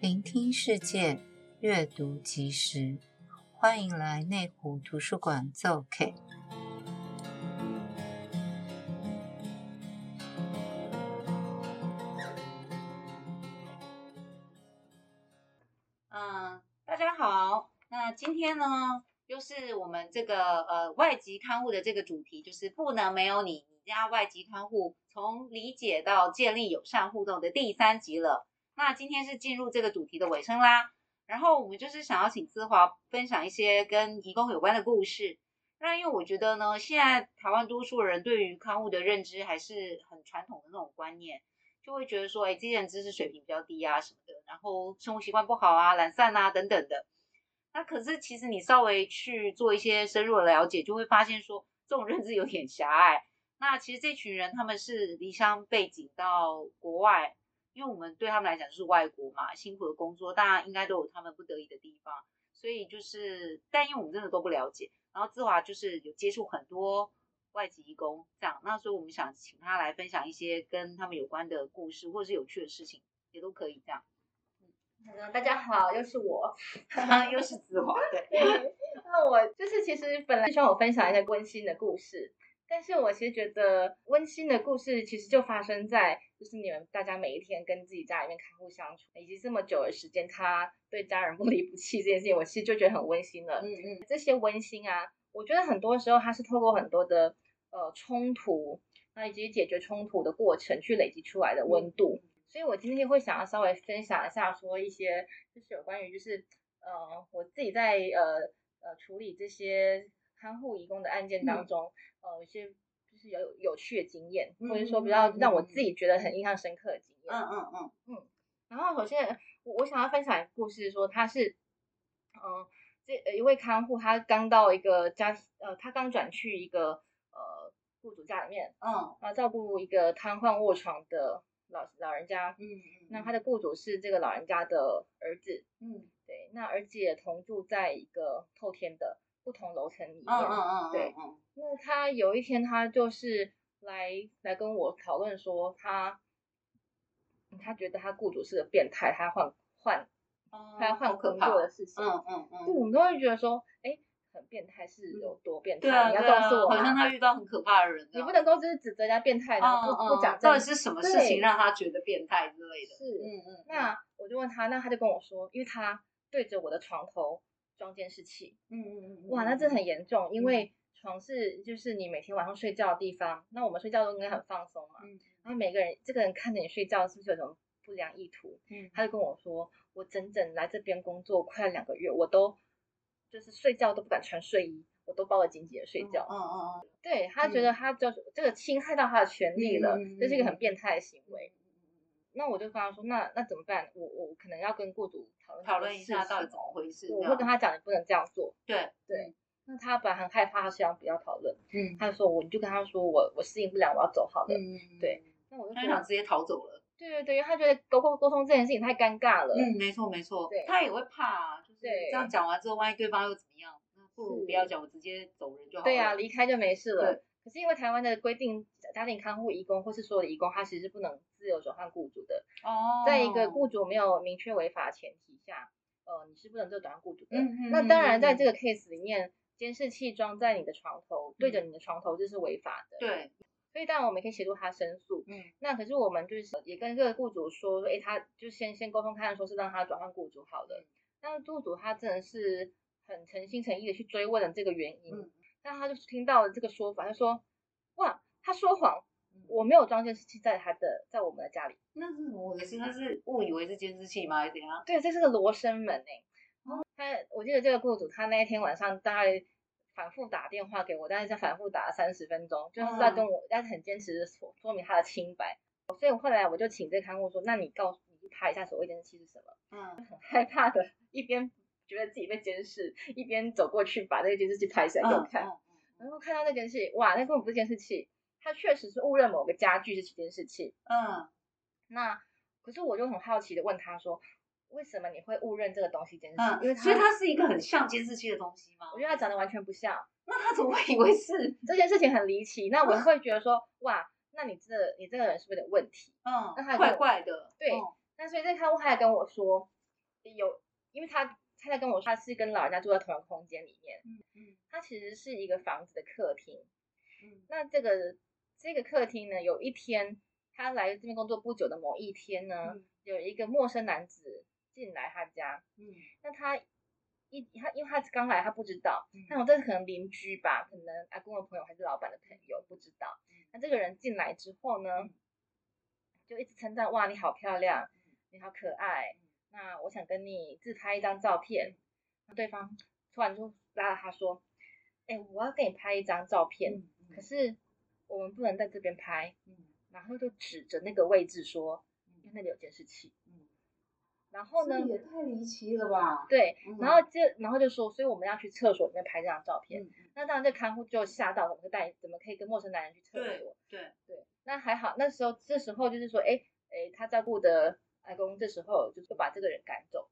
聆聽世界，閱讀即時，歡迎來內湖圖書館 OK 嗯，大家好，那今天呢，又、就是我們這個呃外籍看護的這個主題，就是不能沒有你，你家外籍看護，從理解到建立友善互動的第三集了。那今天是進入這個主題的尾聲啦，然後我們就是想要請姿華分享一些跟移工有關的故事。那因為我覺得呢，現在台灣多數人對於看護的認知還是很傳統的那種觀念，就會覺得說，哎，這些人知識水平比較低啊什麼的，然後生活習慣不好啊、懶散啊等等的。那可是其實你稍微去做一些深入的了解，就會發現說，這種認知有點狹隘。那其實這群人他們是離鄉背井到國外。因為我們對他們來講就是外國嘛，辛苦的工作，當然應該都有他們不得已的地方，所以就是，但因為我們真的都不了解，然後姿華就是有接觸很多外籍移工這樣，那所以我們想請他來分享一些跟他們有關的故事或者是有趣的事情也都可以這樣、嗯。大家好，又是我， 又是姿華對，對。那我就是其實本來希望我分享一下溫馨的故事。但是我其實覺得溫馨的故事，其實就發生在就是你們大家每一天跟自己家裡面看護相處，以及這麼久的時間，他對家人不離不棄這件事情，我其實就覺得很溫馨了。嗯嗯，這些溫馨啊，我覺得很多時候它是透過很多的呃衝突，那、啊、以及解決衝突的過程去累積出來的溫度、嗯。所以我今天會想要稍微分享一下，說一些就是有關於就是呃我自己在呃呃處理這些。看護移工的案件當中，嗯，呃，有些就是有有趣的經驗，嗯，或者說比較讓我自己覺得很印象深刻的經驗。嗯嗯嗯嗯。然後首先，我我想要分享一個故事，說他是，嗯、呃，這一位看護他剛到一個家，呃，他剛轉去一個呃雇主家裡面，嗯，啊，照顧一個癱瘓臥床的老老人家，嗯嗯。那他的雇主是這個老人家的兒子，嗯，對，那而且同住在一個透天的。不同樓層裡面，嗯嗯，嗯對，嗯嗯，那他有一天，他就是來來跟我討論說他，他他覺得他雇主是個變態，他換換，他要換、嗯、工作的事情，嗯嗯嗯。對、嗯，我們都會覺得說，哎、欸，很變態，是有多變態、嗯，你要告訴我、啊，好像他遇到很可怕的人。你不能夠就是指責人家變態，不不講到底是什麼事情讓他覺得變態之類的。是，嗯嗯。那我就問他，那他就跟我說，因為他對着我的床頭。裝監視器，嗯嗯嗯，哇，那這很嚴重，嗯，因為床是就是你每天晚上睡覺的地方，那我們睡覺都應該很放鬆嘛、嗯，然後每個人這個人看着你睡覺是不是有什麼不良意圖？嗯，他就跟我說，我整整來這邊工作快兩個月，我都就是睡覺都不敢穿睡衣，我都包的緊緊的睡覺，嗯嗯嗯，對他覺得他就這個侵害到他的權利了，這，嗯嗯嗯就是一個很變態的行為。那我就跟他說，那那怎麼辦？我我可能要跟雇主討論討論一下，到底怎麼回事。我會跟他講，你不能這樣做。對對，那他本來很害怕，他想不要討論。嗯，他就說，我就跟他說，我我適應不了，我要走，好了。嗯嗯對，那我就不想直接逃走了。對對對，因為他覺得溝溝溝通這件事情太尷尬了。嗯，沒錯沒錯對，他也會怕啊，就是這樣講完之後，萬一對方又怎麼樣？那不如不要講，嗯，我直接走人就好了。對啊，離開就沒事了。可是因為台灣的規定。家庭看護移工，或是說移工，他其實是不能自由轉換雇主的。哦、oh.，在一個雇主沒有明確違法前提下，呃，你是不能做轉換雇主的。嗯、mm -hmm. 那當然，在這個 case 裡面，監視器裝在你的床頭，mm -hmm. 對着你的床頭，這是違法的。對、mm -hmm.。所以，當然，我們可以協助他申訴。嗯、mm -hmm.。那可是我們就是也跟這個雇主說，誒、欸，他就先先溝通看，說是讓他轉換雇主好了。但是雇主他真的是很誠心誠意的去追問了這個原因，但、mm -hmm. 他就是聽到了這個說法，他說，哇。他說謊，我沒有裝監視器在他的在我們的家裡。那是我，的我也心？那是誤以為是監視器嗎？還是怎樣？對，這是個羅生門誒、欸嗯。他，我記得這個雇主，他那一天晚上大概反覆打電話給我，但是他反覆打了三十分鐘，就是在跟我、嗯，但是很堅持說，說明他的清白。所以後來我就請這個看護說：“那你告訴你拍一下所謂監視器是什麼？”嗯，很害怕的，一邊覺得自己被監視，一邊走過去把那個監視器拍下來給我看。嗯嗯嗯、然後看到那個監視器，哇，那根本不是監視器。他確實是誤認某個家具是監視器，嗯，那可是我就很好奇的問他說，為什麼你會誤認這個東西監視器？因為他他所以它是一個很像監視器的東西嗎？我覺得它長得完全不像。那他怎麼會以為是？這件事情很離奇。 那我會覺得說，啊、哇，那你這你這個人是不是有點問題？嗯，那他怪怪的。對。嗯、那所以，這他後來跟我說，有，因為他他在跟我說，他是跟老人家住在同一個空間裡面，嗯嗯，他其實是一個房子的客廳，嗯，那這個。這個客廳呢，有一天，他來這邊工作不久的某一天呢，嗯、有一個陌生男子進來他家。嗯，那他一他因為他是剛來，他不知道，嗯、那我這是可能鄰居吧，可能阿公的朋友還是老闆的朋友，不知道。那這個人進來之後呢，就一直稱讚：“哇，你好漂亮，你好可愛。”那我想跟你自拍一張照片。那對方突然就拉了他說：“哎、欸，我要給你拍一張照片。”嗯嗯，可是。我們不能在這邊拍，嗯，然後就指着那個位置說，嗯，因為那裡有監視器，嗯，然後呢，也太離奇了吧？對，嗯、然後就然後就說，所以我們要去廁所裡面拍這張照片。嗯。那當然，這看護就嚇到了，就帶怎麼可以跟陌生男人去廁所？對對，對，那還好，那時候這時候就是說，哎哎，他照顧的阿公，這時候就是把這個人趕走。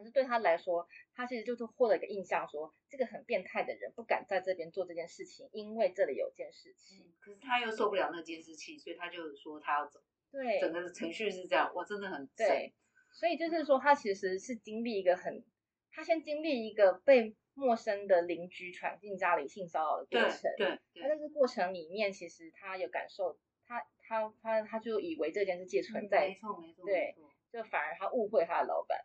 可是對他來說，他其實就是獲得一個印象說，說這個很變態的人不敢在這邊做這件事情，因為這裡有件事情。嗯、可是他又受不了那件事情，所以他就說他要走。對，整個程序是這樣，我真的很神。對，所以就是說，他其實是經歷一個很，他先經歷一個被陌生的鄰居闖進家裡性騷擾的過程。對，對對，他在這個過程裡面，其實他有感受，他他他他就以為這件事情存在，嗯、沒錯沒錯，對，沒錯，就反而他誤會他的老板。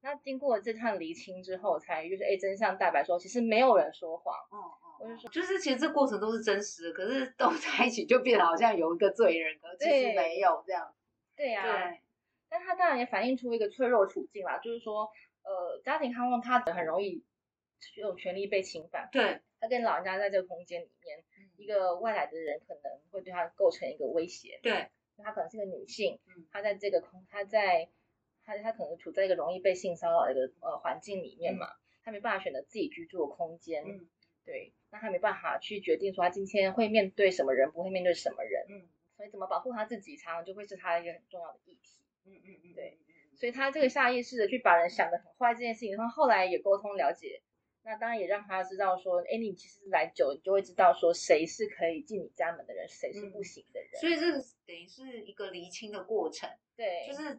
那經過了這趟釐清之後，才就是哎真相大白說，說其實沒有人說謊。嗯哦、嗯，我就說就是其實這過程都是真實，可是都在一起就變得好像有一個罪人，其實沒有這樣。對呀、啊。對。但他當然也反映出一個脆弱處境啦，就是說呃家庭看護他很容易有權利被侵犯。對。他跟老人家在這個空間裡面，嗯、一個外來的人可能會對他構成一個威脅。對。他可能是個女性，她、嗯、在這個空，她在。他他可能處在一個容易被性騷擾的呃環境裡面嘛、嗯，他沒辦法選擇自己居住的空間，嗯、對，那他沒辦法去決定說他今天會面對什麼人，不會面對什麼人，嗯，所以怎麼保護他自己，常常就會是他的一個很重要的議題，嗯嗯嗯，對嗯，所以他這個下意識的去把人想的很壞這件事情、嗯，他後來也溝通了解，那當然也讓他知道說，哎，你其實來久，你就會知道說誰是可以進你家門的人，誰是不行的人，嗯、所以這等於是一個釐清的過程，對，就是。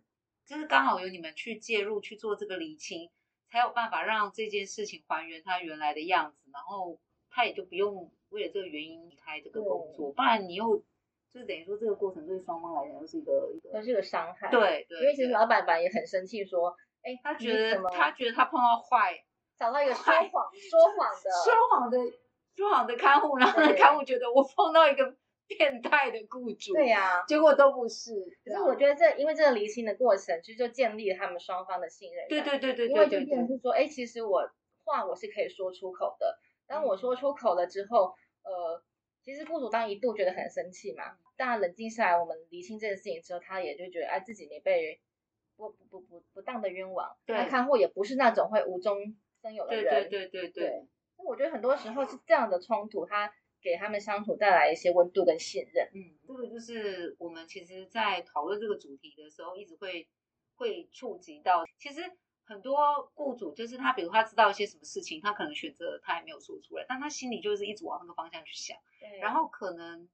就是剛好由你們去介入去做這個釐清，才有辦法讓這件事情還原它原來的樣子，然後他也就不用為了這個原因離開這個工作，嗯、不然你又就是等於說這個過程對雙方來講又是一個是一個，它是個傷害。對對，因為其實老闆闆也很生氣，說，哎，他、欸、覺得他覺得他碰到壞，找到一個說謊說謊的說謊的說謊的看護，然後看護覺得我碰到一個。對對對變態的雇主，對呀、啊，結果都不是。可是我覺得這，因為這個釐清的過程，其實就建立了他們雙方的信任。對對對對對對就一為是說，哎、欸，其實我話我是可以說出口的。當我說出口了之後，呃，其實雇主當一度覺得很生氣嘛，但冷靜下來，我們釐清這件事情之後，他也就覺得，哎、呃，自己沒被不不不不，不，不當的冤枉。對、啊。那看護也不是那種會無中生有的人。對對對對對，對，對。我覺得很多時候是這樣的衝突，他。給他們相處帶來一些溫度跟信任。嗯，這個就是我們其實，在討論這個主題的時候，一直會會觸及到。其實很多雇主就是他，比如他知道一些什麼事情，他可能選擇他還沒有說出來，但他心裡就是一直往那個方向去想。對。然後可能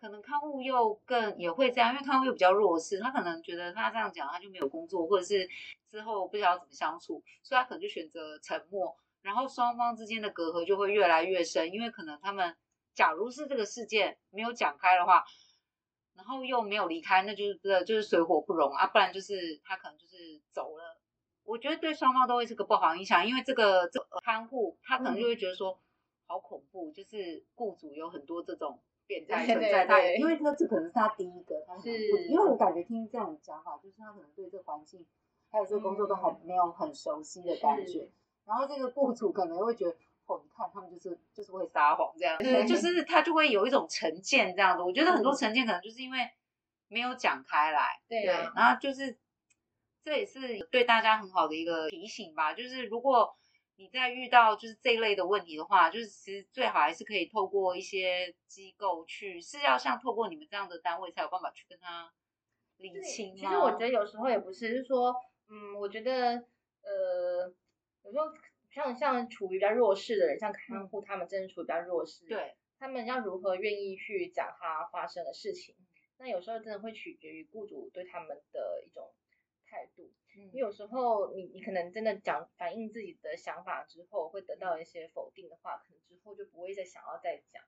可能看護又更也會這樣，因為看護又比較弱勢，他可能覺得他這樣講他就沒有工作，或者是之後不知道怎麼相處，所以他可能就選擇沉默，然後雙方之間的隔閡就會越來越深，因為可能他們，假如是這個事件沒有講開的話，然後又沒有離開，那就是就是水火不容啊，不然就是他可能就是走了。我覺得對雙方都會是個不好影響，因為這個這看護他可能就會覺得說、嗯、好恐怖，就是雇主有很多這種變態存在他，但因為他這可能是他第一個，是他因為我感覺聽這樣講法，就是他可能對這個環境還有這個工作都很沒有很熟悉的感覺。然後這個雇主可能會覺得，哦，你看他們就是就是會撒謊這樣。對，對，就是他就會有一種成見這樣子。我覺得很多成見可能就是因爲沒有講開來，對。對啊。然後就是這也是對大家很好的一個提醒吧。就是如果你在遇到就是這一類的問題的話，就是其實最好還是可以透過一些機構去，是要像透過你們這樣的單位才有辦法去跟他理清。其實我覺得有時候也不是，就是說，嗯，我覺得，呃。有時候像像處於比較弱勢的人，像看護他們真的處於比較弱勢，對、嗯，他們要如何願意去講他發生的事情，嗯？那有時候真的會取決於雇主對他們的一種態度，嗯，因為有時候你你可能真的講反映自己的想法之後，會得到一些否定的話，可能之後就不會再想要再講。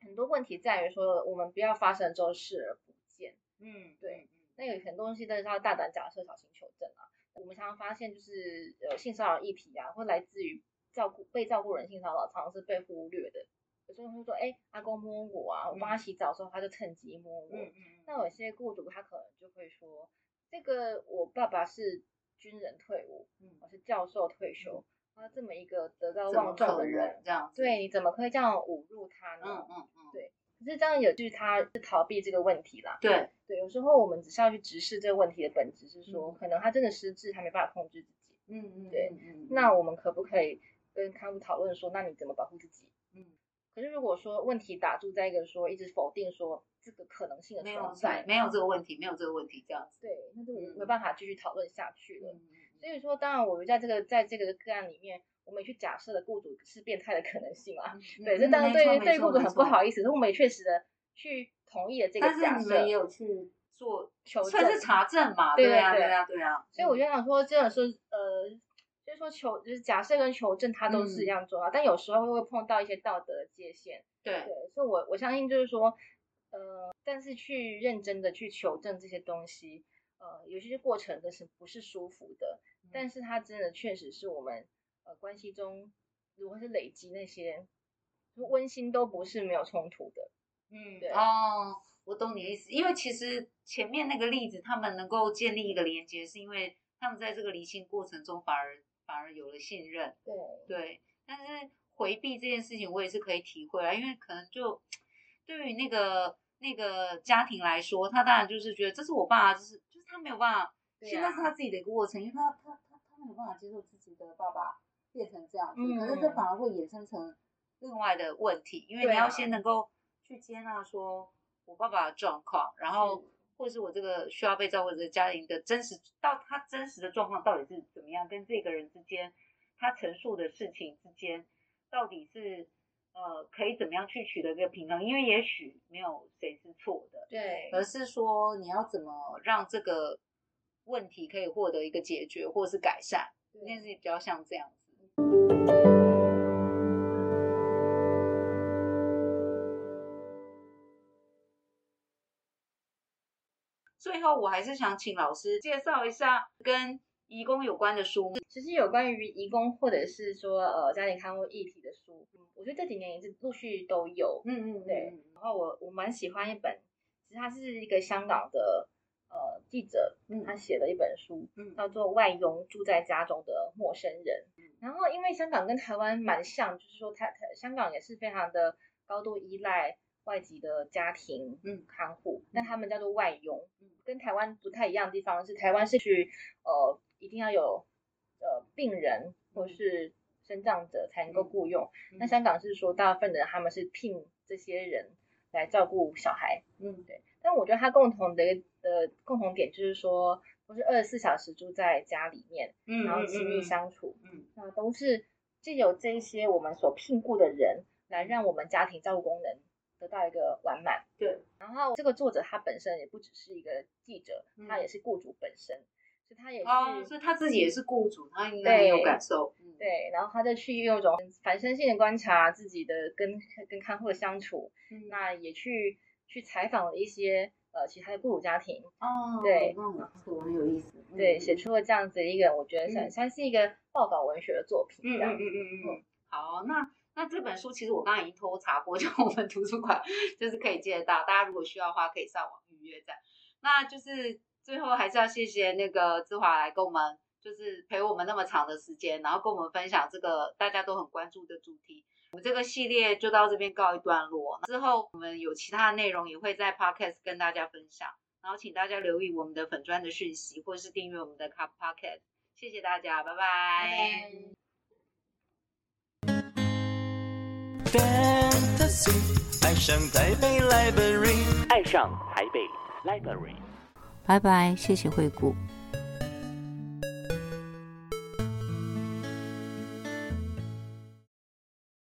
很多問題在於說，我們不要發生之後視而不見，嗯，對，嗯嗯，那有很多東西都是要大膽假設，小心求證啊。我們常常發現，就是呃性騷擾議題啊，會來自於照顧被照顧人性騷擾，常常是被忽略的。有時候會說，哎、欸，阿公摸我啊，嗯、我幫他洗澡的時候，他就趁機摸我。嗯嗯、那有些孤獨雇主，他可能就會說，這、那個我爸爸是軍人退伍，嗯、我是教授退休，嗯、他這麼一個德高望重的人，這，人這樣。對，你怎麼可以這樣侮辱他呢？嗯嗯嗯是這樣有，就是他是逃避這個問題啦。對對，對，有時候我們只是要去直視這個問題的本質，是說、嗯、可能他真的失智，他沒辦法控制自己。嗯對嗯對。那我們可不可以跟他們討論說，那你怎麼保護自己？嗯。可是如果說問題打住在一個說一直否定說這個可能性的存在沒，沒有這個問題，沒有這個問題這樣子。對，那就沒辦法繼續討論下去了。嗯、所以說，當然我們在這個在這個個案裡面。我們也去假設的僱主是變態的可能性嘛？嗯、對，這當然對對僱主很不好意思。我們也確實的去同意了這個假設。但是我們也有去做求證，這是查證嘛？對呀、啊，對呀，對呀、啊啊啊。所以我就想說，真、嗯、的是呃，就是說求就是假設跟求證，它都是一樣重要、嗯。但有時候會，會碰到一些道德的界限。對，對所以我我相信就是說，呃，但是去認真的去求證這些東西，呃，有些過程真是不是舒服的，嗯、但是它真的確實是我們。關係中，如果是累積那些溫馨，都不是沒有衝突的。嗯，對。哦，我懂你的意思，因為其實前面那個例子，嗯、他們能夠建立一個連接，是因為他們在這個釐清過程中，反而反而有了信任。對對。但是回避這件事情，我也是可以體會啊，因為可能就對於那個那個家庭來說，他當然就是覺得這是我爸，就是就是他沒有辦法。啊、現在是他自己的一個過程，因為他他他他沒有辦法接受自己的爸爸。變成這樣子，嗯嗯，可是這反而會衍生成另外的問題，因為你要先能夠去接納說我爸爸的狀況，然後、嗯、或者是我這個需要被照顧的家庭的真實到他真實的狀況到底是怎麼樣，跟這個人之間他陳述的事情之間到底是呃可以怎麼樣去取得一個平衡？因為也許沒有誰是錯的，對，而是說你要怎麼讓這個問題可以獲得一個解決或是改善，這件事情比較像這樣子。最後，我還是想請老師介紹一下跟移工有關的書。其實有關於移工，或者是說呃，家裡看護議題的書，嗯、我覺得這幾年也是陸續都有。嗯嗯，嗯嗯，對。然後我我蠻喜歡一本，其實它是一個香港的。呃，記者他寫了一本書，叫做《外傭住在家中的陌生人》。嗯、然後，因為香港跟台灣蠻像，就是說，他，香港也是非常的高度依賴外籍的家庭嗯看護，那他們叫做外傭、嗯。跟台灣不太一樣的地方是，台灣是去呃一定要有呃病人或是身障者才能夠雇傭，那、嗯、香港是說大部分的人他們是聘這些人來照顧小孩。嗯，對。但我覺得它共同的呃共同點就是說，都是二十四小時住在家裡面，嗯，然後親密相處，嗯，嗯嗯那都是既有這些我們所聘雇的人來讓我們家庭照顧功能得到一個完滿，對。然後這個作者他本身也不只是一個記者，嗯、他也是雇主本身，所以他也是、哦，所以他自己也是雇主，他應該也有感受對、嗯，對。然後他就去用一種反身性的觀察自己的跟跟看護的相處、嗯，那也去。去採訪了一些呃其他的哺乳家庭哦，對，這很有意思，對，寫、嗯、出了這樣子的一個、嗯、我覺得像像是一個報道文學的作品，嗯嗯嗯嗯，嗯好，那那這本書其實我剛剛已經托查過，就我們圖書館就是可以借到，大家如果需要的話可以上網預約這樣。那就是最後還是要謝謝那個姿華來跟我們就是陪我們那麼長的時間，然後跟我們分享這個大家都很關注的主題。我這個系列就到這邊告一段落，之後我們有其他內容也會在 Podcast 跟大家分享，然後請大家留意我們的粉專的訊息，或是訂閱我們的 Cup Podcast，謝謝大家，拜拜。Fantasy 愛上台北 Library，愛上台北 Library，拜拜，謝謝惠顧。